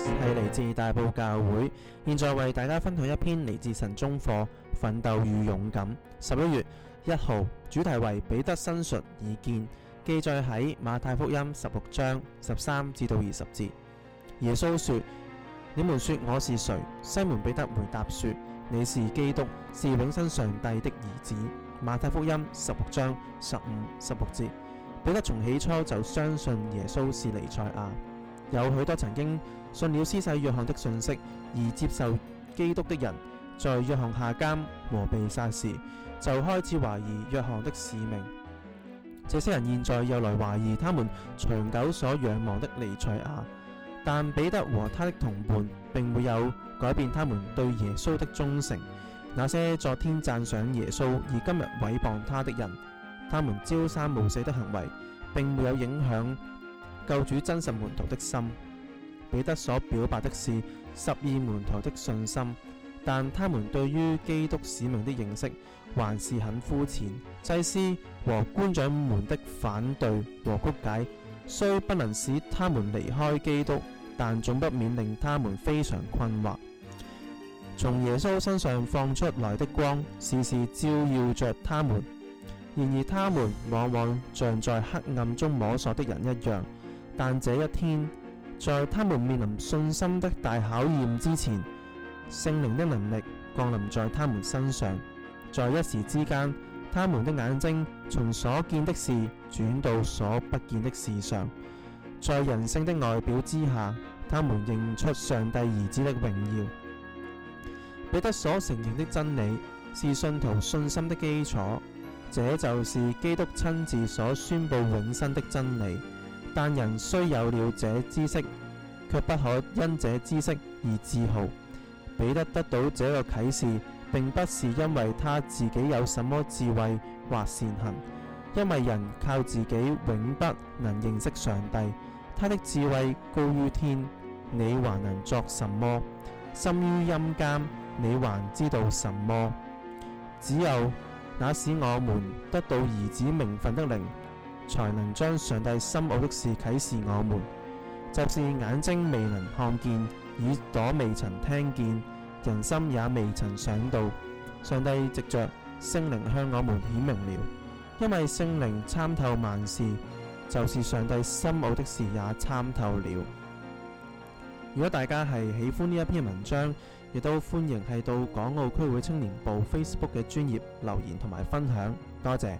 係嚟自大埔教會，現在為大家分享一篇嚟自神中課《奮鬥與勇敢》。十一月一號，主題為彼得申述己見，記載喺馬太福音十六章十三至到二十節。耶穌說：你們說我是誰？西門彼得回答說：你是基督，是永生上帝的兒子。馬太福音十六章十五、十六節。彼得從起初就相信耶穌是彌賽亞。有許多曾經信了施洗約翰的信息而接受基督的人，在約翰下監和被殺時，就開始懷疑約翰的使命。這些人現在又來懷疑他們長久所仰望的彌賽亞，但彼得和他的同伴並沒有改變他們對耶穌的忠誠。那些昨天讚賞耶穌而今日毀謗他的人，他們朝三暮四的行為並沒有影響救主真實門徒的心，彼得所表白的是十二門徒的信心，但他們對於基督使命的認識還是很膚淺。祭司和官長們的反對和曲解，雖不能使他們離開基督，但總不免令他們非常困惑。從耶穌身上放出來的光，時時照耀着他們，然而他們往往像在黑暗中摸索的人一樣。但這一天，在他們面臨信心的大考驗之前，聖靈的能力降臨在他們身上，在一時之間，他們的眼睛從所見的事轉到所不見的事上，在人性的外表之下，他們認出上帝兒子的榮耀。彼得所承認的真理是信徒信心的基礎，這就是基督親自所宣布永生的真理。但人雖有了這知識，卻不可因這知識而自豪。彼得得到這個啟示，並不是因為他自己有什麼智慧或善行，因為人靠自己永不能認識上帝。他的智慧高於天，你還能作什麼？深於陰間，你還知道什麼？只有那使我們得到兒子名分的靈。才能將上帝深奧的事啟示我們，就是眼睛未能看見，耳朵未曾聽見，人心也未曾想到，上帝藉着聖靈向我們顯明了。因為聖靈參透萬事，就是上帝深奧的事也參透了。如果大家係喜歡呢一篇文章，亦都歡迎係到港澳區會青年部 Facebook 嘅專頁留言同埋分享，多謝。